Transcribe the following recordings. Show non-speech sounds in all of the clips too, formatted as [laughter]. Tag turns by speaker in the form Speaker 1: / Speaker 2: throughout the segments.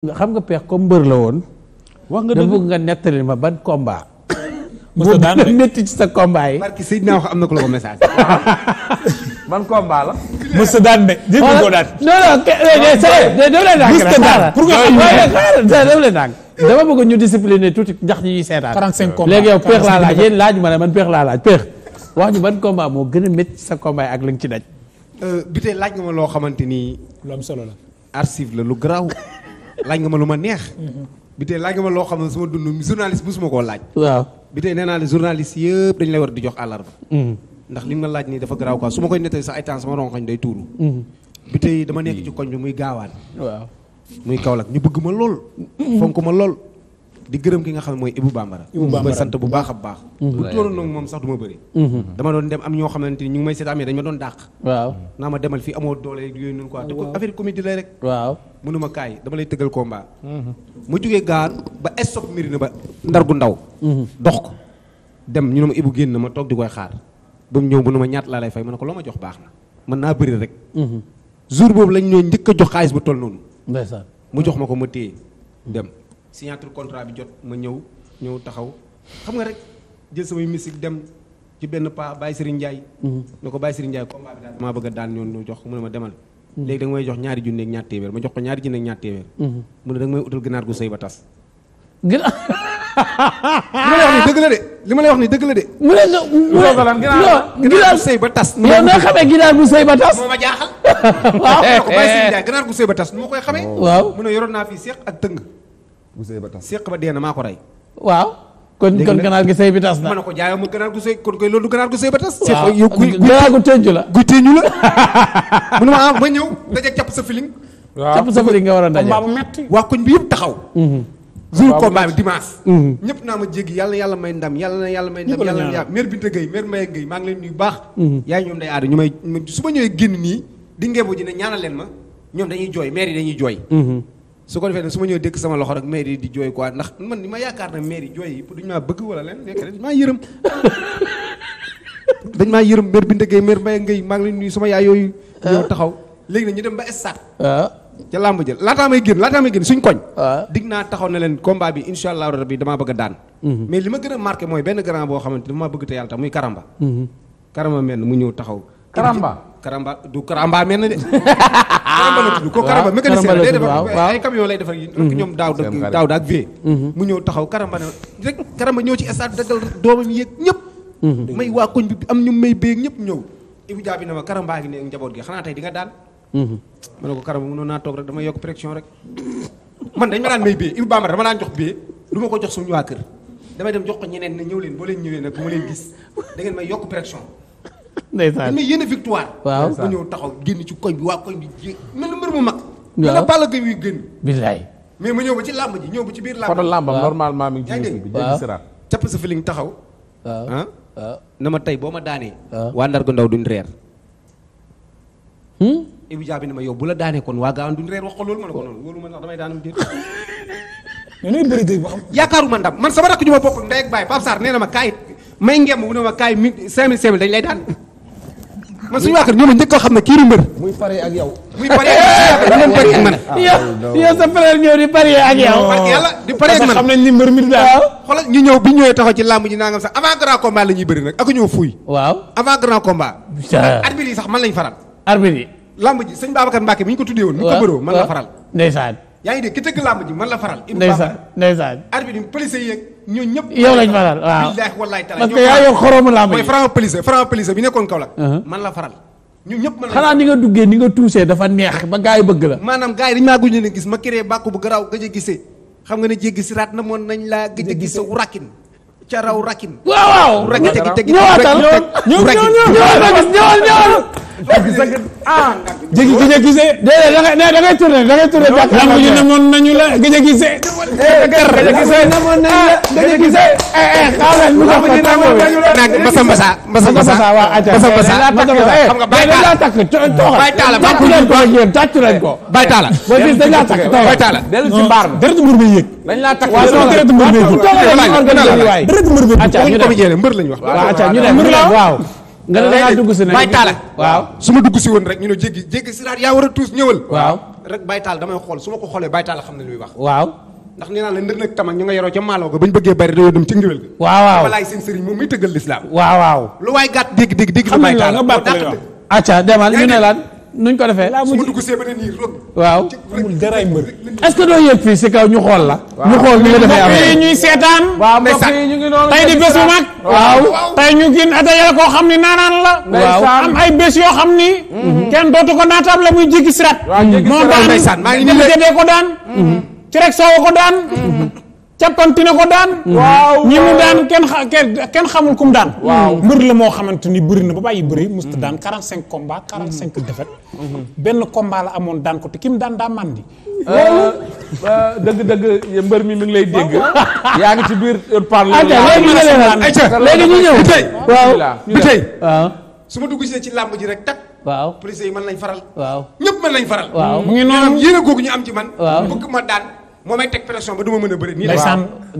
Speaker 1: xam nga peex comme mbër la woon. wax nga nga nettali ma ban combat. [coughs]
Speaker 2: mos [coughs] daan ci sa combat yi. barki am na ko la ko message.
Speaker 1: [coughs] ban combat
Speaker 2: la. mos daan de dégg nga koo daan. non non kay eh,
Speaker 1: eh, dama bëgg ñu discipliner tuuti ndax ñuy seetaan. 45 combat léegi yow peex laa laaj yéen laaj
Speaker 2: ma ne man peex laa laaj peex. wax ñu ban combat moo gën a métti ci sa combat yi ak li ci daj. Euh, bi laaj nga ma loo xamante ni. lu am solo la. archive la lu garaaw. laaj nga ma lu ma neex. Mhm. bi tey laaj nga ma loo xam ne sama dund journaliste bu su ma koo laaj. waaw bi tey nee naa la journaliste yëpp dañu lay war di jox àllarba. Mhm. ndax li nga laaj nii dafa garaaw quoi su ma koy nettali sax ay temps sama rongoñ day tuuru. Mhm. bi tey dama nekk ci koñ bi muy gaawaan. waaw muy Kaolack ñu bëgg ma lool. fonk ma lool. di gërëm ki nga xam ne mooy Ibou Bambara mooy sant baax a baax bu mm-hmm. tolloon nag moom sax
Speaker 1: mm-hmm.
Speaker 2: ñoo xamante ni ñu ngi ma doon dàq waaw naa ma demal fii amoo doole ko affaire comédie lay rek waaw kaay dama lay tëggal combat mu mm-hmm. jógee gaar ba stop Médina ba ndar gu ndaw dox ko dem ñu ne ma Ibou génn ma toog di koy xaar ñëw mu ne ma ñaat laa lay fay ma ne ko loo ma jox baax na mën naa bëri rek jour boobu lañ ñoo njëkk jox xaalis bu toll noonu ndeysaan mu jox ma ko ma téye dem signature contrat bi jot ma ñëw ñëw taxaw xam nga rek jël samay musique dem ci benn paa Baye Serigne Ndiaye. Mhm. ne ko Baye Serigne Ndiaye a daan ma mhm. da nga may jox ma ko ñaari junne ak ñaar téeméer. Mhm. mu ne da may utal ginaar gu sëy ba tas. [laughs] ma de li ma lay wax nii dëgg la de. mu ne la mu ne la ginaar gu sëy ba tas. yow noo xamee ginaar gu sëy ba tas. moo ma jaaxal. [laughs] waaw eh, ginaar gu koy xamee. waaw mu ne yoroon naa fi seex ak tëng. bu sëy ba tas séq ba dee na maa ko rey.
Speaker 1: waaw. kon kon ganaar gi sëy bi tas na. ma ko
Speaker 2: jaayoo ma ganaar gu sëy kon ba tas. waaw ganaar
Speaker 1: gu tënju la. gu tënju la.
Speaker 2: [laughs] mu ne ma ñëw dajeeg capp sa filing. waaw capp sa filing nga war a daje. combat bu metti waa koñ bi yëpp taxaw. Mm-hmm. jour combat bi dimanche. Mm-hmm. ñëpp naa ma jéggi yàlla yàlla may ndam yàlla na yàlla may ndam yàlla na yàlla mère Binta a mère Mbaye Gueye maa ngi leen nuyu baax. Mm-hmm. yaay ñoom day aada ñu may su ma ñëwee génn nii di ngeebo ji ne ñaanal ma ñoom dañuy jooy su ko su ma ñëwee dëkk sama loxo rek mairie di jooy quoi ndax man ni ma yaakaar ne mairie jooy yi duñu maa bëgg wala leen nekk dañ maa yërëm [laughs] dañ maa yërëm maire bi ndëggee maire mbay ngay maa ngi leen nuyu sama yaay yooyu ah. ñëw taxaw léegi nag ñu dem ba stade ah. ca làmb jël laataa may génn laataa may génn suñ koñ ah. dig naa taxaw ne leen combat bi incha allah rabbi damaa bëgg daan mhm. mais li ma gën a marqué mooy benn grand boo xamante damaa bëgg te yàlla tax muy karamba mhm. karamba mel mu ñëw taxaw karamba karamba du karamba mel na de. karamba la tudd ko karamba mécanicien la day defar lay defar yi. Mhm. ñoom daaw dëgg daaw daag vie. Mhm. mu ñëw taxaw karamba ne rek karamba ñëw ci stade daggal doomam yeeg ñëpp. Mhm. may waa koñ bi am ñu may beeg ñëpp ñëw. Ibu Jaabi na ma karamba gi ne njaboot gi xanaa tey di nga daal. ma ne ko karamba mënoon naa toog rek dama yokk pression rek. man dañ ma daan may bee Ibu ma dama daan jox bee du ma ko jox suñu waa kër. damay dem jox ko ñeneen ne ñëw leen boo leen ñëwee nag bu ma gis da ngeen may yokk pression [laughs] ndeysaan mais yéen victoire. waaw mu ñëw taxaw génn ci koñ bi waa koñ bi jéeg mel ni mu mag. waaw nga Balla ma ñëw ba ci làmb ji ñëw ci biir. làmb foto làmbam normalement mi ngi ci YouTube bi jéggi siraat. taxaw. waaw ah na ma boo ma daanee. waa Ndargu Ndaw duñ reer. Hmm? Ibu Dia bi ne ma yow bu la daanee kon waa Gaawaan duñ reer wax ko loolu ma ne ko noonu wóolu ma ndax damay daanam [laughs] xam. yaakaaruma ndam man sama rakk ju ma bokk ndey ak baay Pape nee na ma kaayit may ngemb bu ne ma kaay mi cinq dañ lay daan man suñu waa kër ñoom njëkk a xam ne kii mbër. muy paree ak yow. muy paree ak [laughs] man. Ah, yow sa frère ñëw di paree ak man xam nañ ni mbër mi daal. xoolal ñu ñëw bi ñu ñëwee taxaw ci làmb ji nangam sax avant grand combat la ñuy bëri nag ak ñëw fuuy. waaw avant grand combat. Ah. arbitre yi sax man lañ faral. arbitre yi. làmb ji sëñ Babacar Mbacke bi ñu ko tuddee woon. ñu ko bëroo man la faral. ndeysaan. yaa ngi dégg ki tëgg làmb ji man la faral. ndeysaan ndeysaan. arbitre yi police yi yeeg ñëpp. yow lañ faral waaw billaahi wallaahi taala parce que yaa yor xoromu làmb nekkoon Kaolack. Uh-huh. man la faral. ñun ñëpp man xanaa ni nga duggee ni nga tuusee dafa neex ba gars yi bëgg la. maanaam gars yi dañu maa gëj leen gis ma créé bàkku bu garaaw gëj a gisee xam nga ne jéggi si raat na moon nañ laa gis a gisee rakkin ca raw rakkin. waaw waaw ñëwaatal
Speaker 1: ñëwaatal ñëwaatal ñëwaatal ah jéggi gëj a gisee. déedéet da ngay da ngay tourné da ngay tourné jàkka. lamb ñu namoon nañu la
Speaker 2: gëj a gisee. Eh, gëj a gisee namoon nañu la gëj a gisee. Ah, eh, eh, xaaral ñu def ko tàngoo bi. mbasa mbasa. mbasa mbasa waaw ayca mbasa mbasa. xam nga bay taala takk
Speaker 1: bay taala tàccu leen ko ak yéen tàccu leen ko. bay taala boo gis dañ laa takk bay taala. dellu ci mbaar bi dërët mbër bi yëg.
Speaker 2: dañ laa takk waaw sama dërët mbër bi yëg. dërët mbër bi yëg. dërët mbër bi yëg. ayca ñu dem mbër lañu wax. waaw ayca ñu dem mbër la waaw. nga ne da ngaa dugg si nag Baye Talla waaw su ma dugg si woon rek ñu ne jéggi jéggi siraat yaa war a tuus ñëwal waaw rek Baye Talla damay xool su ma ko xoolee Baye Talla xam ne lu muy wax waaw ndax nee naa la ndër nag tamak ñu nga yoroo ca maaloo ga ba ñu bëggee bari dañoo dem ci ngéwél ga waaw waaw walaay lu waay gàtt dégg dégg dégg Baye Talla acca demal ñu ne nuñ ko defee. su ma dugg see
Speaker 1: waaw est-ce que doo yëg fii si kaw ñu xool la. ñu xool ni nga defee am mbokk yi ñuy
Speaker 2: seetaan. waaw mbokk yi ñu
Speaker 1: koo xam ni naanaan la. waaw ay bés yoo xam ni. Mhm. kenn dootu ko naataam la muy jéggi sirat. waaw jéggi sirat ndeysaan ko daan. Mhm. ci rek soow ko daan. Mhm. cappanti na ko daan. waaw ñi mu daan kenn xa kenn xamul kum daan. waaw mbër la moo xamante ni bëri na ba bàyyi bëri. musta mm-hmm. daan 45 combats 45 mm-hmm. défaites. Mm-hmm. benn combat la amoon daan ko te kim daan daa màndi. Euh, euh, dëgg-dëgg mbër mi mi lay dégg. yaa ngi ci biir parle. ayca léegi ñu ñëw
Speaker 2: ah. su ma dugg si ci làmb ji rek tak waaw yi mën nañ faral. waaw ñëpp mën nañ faral. Mm. mu ngi noonu yéen googu ñu am ci man. waaw bëgg ma daan. moo may teg pression ba du ma mën a bëri. nii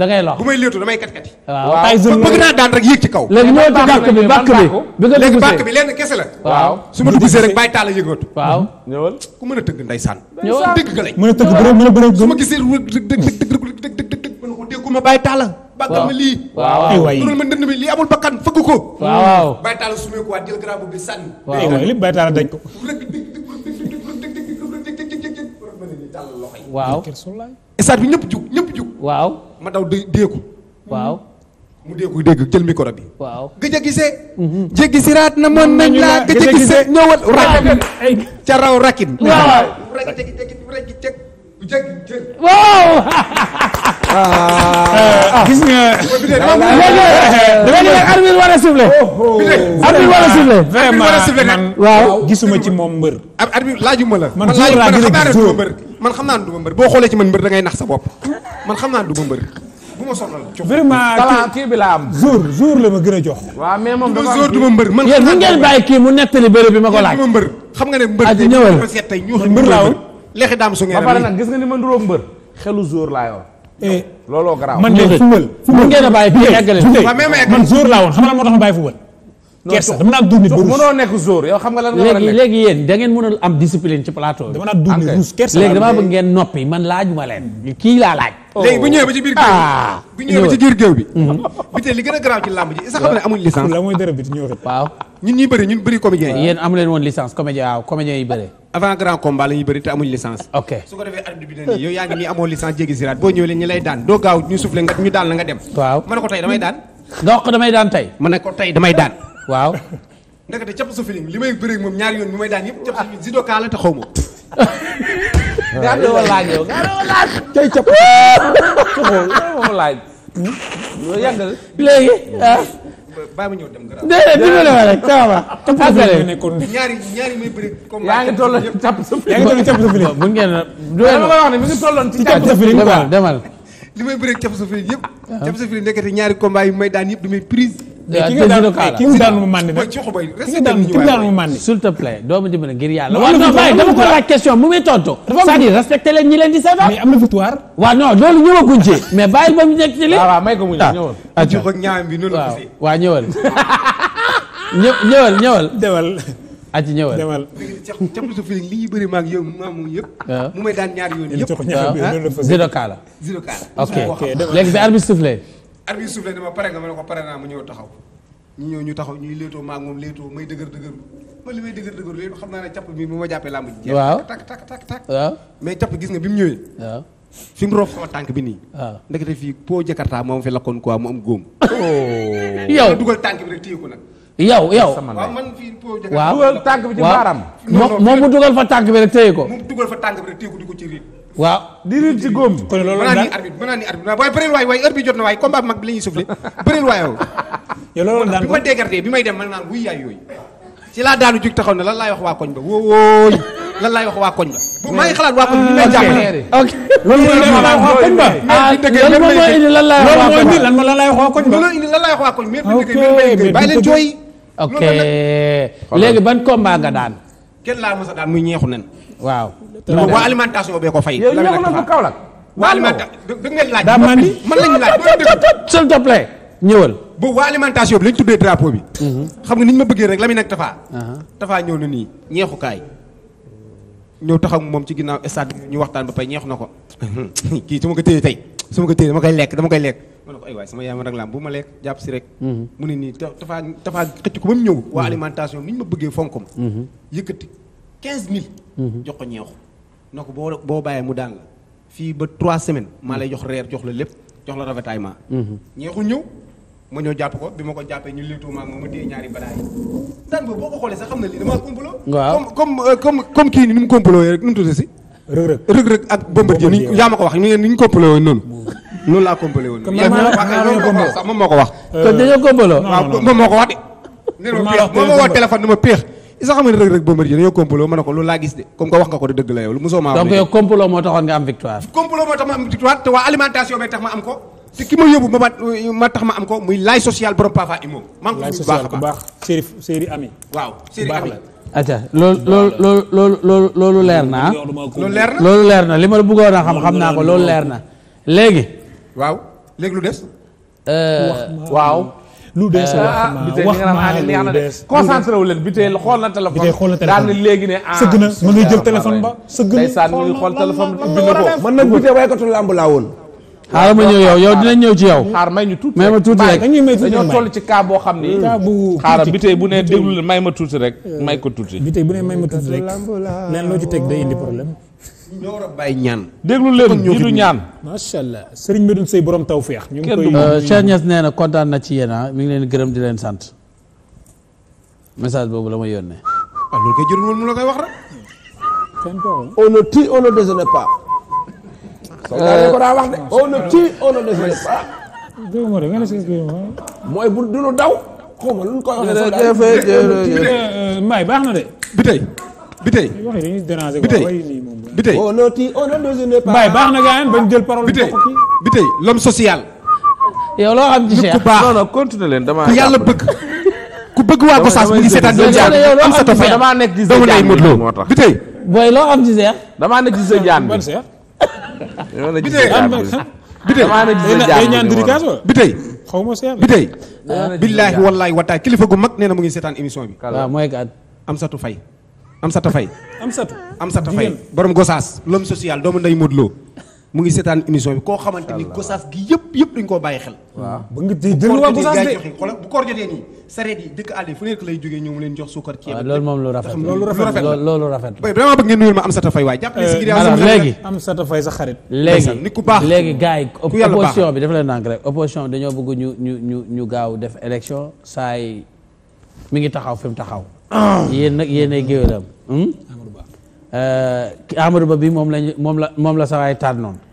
Speaker 2: da ngay lox bu may léetu damay kat kati. waaw ay zone bëgg naa ci kaw. léegi ñëw ci bàkk bi bàkk bi bi nga léegi bàkk bi lenn kese la. waaw su ma a yëngatu. waaw ñëwal ku mën a tëgg ndeysaan. ñëwal dëgg ga a a bëre su ma gisee rek dëgg dëgg dëgg ko déggu ma bàyyi taal bàggal ma lii bi sànni léegi lépp bàyyi taal dañ ko tàllal loxo yi. waaw stade bi ñëpp jug ñëpp jug. waaw ma daw dé déeku. waaw. mu dégg dégg jël micro bi. waaw gëj a gisee. na mën nañ laa gëj a ñëwal rakin ca raw rakin. waaw. Ah. gis nga. dama ne leen arbitre war a sifflé. Oh, oh. arbitre war a sifflé. vraiment waaw gisuma ci moom mbër. ab arbitre laajuma la. man laajuma man xam naa ne duma mbër. man xam naa ne duma mbër boo xoolee ci man mbër da ngay nax sa bopp man xam naa ne duma mbër. bu ma soxla la vraiment kii bi la am. jour jour la ma gën a jox. waaw mais moom dafa am du ma mbër man. yéen ñu ngeen bàyyi kii
Speaker 1: mu nettali bëre bi ma ko laaj. du ma mbër xam
Speaker 2: nga ne mbër. aji ñëwal mbër laaw.
Speaker 1: lexi daam su ngeen ba pare nag gis nga ni ma nduróog mbër xelu jour laa yor Eh, looloo garaaw man de football. football ngeen a bàyyi fii eggale man jour laa woon xam nga moo tax ma bàyyi football kersa dama naan duur ba ruus mënoo nekk jour yow xam nga lan nga war a nekk léegi yéen da am discipline ci plateau bi dama ruus léegi dama bëgg ngeen noppi man laajuma leen
Speaker 2: kii laa oh. léegi bu ñëwee ba ci biir ah. ci biir géew bi mm-hmm. bi tey li yaa ngi nii amoo licence jéggi siraat boo ñëwee leen ñu lay daan doo gaaw ñu soufflé nga ñu daan la nga dem waaw ma ko tey damay daan donc damay ko damay daan waaw. ndekete capp sa filim li may bëreeg moom ñaari yoon bi may daan yëpp capp sa filim Zidoka la te ma. nga am loo laaj yow nga am loo laaj. tey capp su laaj. loolu yàgg na léegi ah. bàyyi ma ñëw dem
Speaker 1: garaaw. déedéet la rek ça va. capp
Speaker 2: yaa ngi tolloon capp sa filim yaa ngi tolloon capp sa bu ngeen la. dama wax ne mi ngi tolloon ci capp sa filim quoi demal. li may bëreeg Thiam Sofiri yëpp. Ah. Thiam Sofiri nekkati ñaari combat may daan yëpp damay prise. daan ki mu màndi nag ci xobay ki nga
Speaker 1: mu màndi s'il te plaît doo
Speaker 2: yàlla waaw non bàyyi dama ko
Speaker 1: question mu muy tontu c'est-à-dire leen ñi leen di seetaan mais am na victoire waaw non loolu ñëwaguñ ci ah. ba mu nekk ci li waaw ah, waaw may ko mu ñëw ñëwal
Speaker 2: ak ñaam bi noonu la gisee [laughs]
Speaker 1: aj ñëwal demal
Speaker 2: capp su feeling li ñuy bëri maag yow maa moom yëpp mu may daan ñaar yoon yëpp zido kaala zido kaala ok léegi bi arbitre soufflé arbitre soufflé dama pare nga mu ñëw taxaw ñu ñëw ñu taxaw ñuy léetoo maag moom léetoo may dëgër dëgër ma may dëgër dëgër léegi xam naa ne capp bi bu ma jàppee làmb ji waaw tak tak tak tak waaw mais capp gis nga bi mu ñëwee waaw fi mu roof sama tànk bi nii waaw ndekete fii poo jakartaa moom fi lakkoon quoi mu am góom oh. yow dugal tànk bi rek téye ko yow yow waaw man fii waaw dugal tànk bi ci baaram. moom mu dugal fa tànk bi rek téye ko. mu dugal fa tànk bi rek téye ko di ko ci riit. waaw di riit ci góom. kon loolu la daan mën a ni arbitre waaye bëreel waay waaye heure bi jot na waaye combat bi mag bi la ñuy soufflé bëreel waay yow. yow loolu may dem man naan wuy yaay yooyu. ci laa daanu jug taxaw ne lan wax waa koñ ba wóoy lan wax waa koñ ba. maa ngi xalaat waa koñ ba. Ah, loolu mooy indi lan wax waa koñ ba. loolu mooy indi lan wax waa koñ ba. loolu leen ok léegi ban combat nga daan. kenn laa mos a daan muy ñeexu nen. waaw. waa alimentation bee ko fay. yow ñeexu nen bu waa alimentation da ngeen laaj. daa mën nañu laaj s'il te plaît ñëwal. bu waa alimentation bi lañ tuddee drapeau bi. Mhm. xam nga ni ma bëggee rek la muy nekk Tafa. ñëw na nii ñeexukaay. ñëw taxaw moom ci ginnaaw stade ñu waxtaan ba pay ñeexu na ko. [laughs] kii su ma ko téye tey. su ma ko téye dama koy lekk dama koy lekk ma ne ko ay waay sama si rek mhm. mu ne nii tafaa tafaa xëcc ko ba mu ñëw waa mhm. alimentation ni ma bëggee fonk ma mhm. yëkkati quinze mille jox ko ñeexu na ko boo boo bàyyee mu daan la fii ba trois semaine maa lay jox reer jox la lépp jox la ravitaillement ñeexu ñëw ma ñëw jàpp ko bi ma ko jàppee ñu liitu ma ma téye ñaari badaay daan boobu boo ko xoolee sax xam na lii damaa komplo comme euh, comme comme kii ni nu mu komploo rek nu mu rëg rëg ak Bombardier ni yaa ma ko wax ni ñu compalé woon noonu. noonu laa compalé woon. moom moo ko wax. Euh, kon moom moo ko wax de. moom moo xam ne rëg rëg ko loolu laa de comme que wax nga ko de dëgg la yow lu mosoo maa wax. donc yow compaloo moo taxoon nga am victoire. compaloo moo tax ma am victoire te waa alimentation bee tax ma am ko. te ki ma yóbbu ma tax ma am ko muy laay social borom Pafa Imo. maa ngi ko baax baax laay Ami. waaw Seri Ami
Speaker 1: aca loolu loolu loolu loolu loolu loolu leer na ah. loolu leer na li ma bëggoon a xam xam naa ko loolu leer na léegi
Speaker 2: waaw léegi lu des euh, waaw lu des euh, wax ah, maa lu des concentré
Speaker 1: wu leen bi tey xool na téléphone bi tey xool na téléphone daal ne léegi ne ah, sëgg na ma ngi jël téléphone ba sëgg na xool téléphone bi bind ko
Speaker 2: man nag bi tey waykatu làmb laa woon xaaral ma ñëw yow yow dinañ ñëw ci yow. xaar may ñu tuuti rek may ma tuuti rek dañoo toll ci cas boo xam ni. Mm. cas bu xaaral euh, bu ne
Speaker 1: may ma tuuti rek may ko tuuti. bi bu ne may ma tuuti rek
Speaker 2: neen loo ci teg day indi problème. ñoo war a bàyyi ñaan. déglu leen ñi du ñaan. macha allah sëriñ Medoune Seye borom tawféex. ñu ngi koy euh, Cheikh
Speaker 1: nee na kontaan na ci yenaa ah mi ngi leen gërëm di leen sant message boobu la ma yónnee. ah loolu kay jërul woon mu la koy ne soldat ko daa wax de. Euh, on ne bu du
Speaker 2: daw. xaw ma lu ñu koy waxee. Euh, baax na de. bi tey bi tey. bi bi tey. on ne tue baax na gaa ba bañ jël parole. bi tey social. yow loo xam ci Cheikh nit
Speaker 1: ku leen damaa yàlla
Speaker 2: bëgg. ku bëgg waa Gossas mi ngi am sa tofa damaa nekk ci sa jaan bi moo tax bi tey.
Speaker 1: booy loo xam ci Cheikh. damaa nekk ci sa jaan bi
Speaker 2: loolu la gisee caabu xaw ma seer bi tey billaahi wallaahi wataay kilifa gu mag nee na mu ngi seetaan émission bi waaw mooy gaat Amsatou Faye fay Faye Amsatou Amsatou Faye borom Gosaas l'homme social doomu nday Modou mu ngi seetaan émission bi koo xamante ni gosaas gi yëpp yëpp dañu koo bàyyi xel. waaw ba nga di jël waa gosaas bu koor jotee nii sareet yi dëkk àll yi fu nekk lay jógee ñoom leen jox suukar ceeb. waaw loolu moom lu rafet loolu rafet loolu rafet la. vraiment bëgg ngeen nuyul ma Amsata Faye waaye jàppale si. Euh, alors léegi Amsata sa xarit. léegi nit ku baax léegi gars yi opposition
Speaker 1: bi daf leen nànk rek opposition bi dañoo bëgg ñu ñu ñu ñu gaaw def élection saa yi mi ngi taxaw fi mu taxaw. [coughs] yéen nag yéenay géwélam hmm? Euh, Amadou Ba bi moom lañ moom la moom la sawaay tànnoon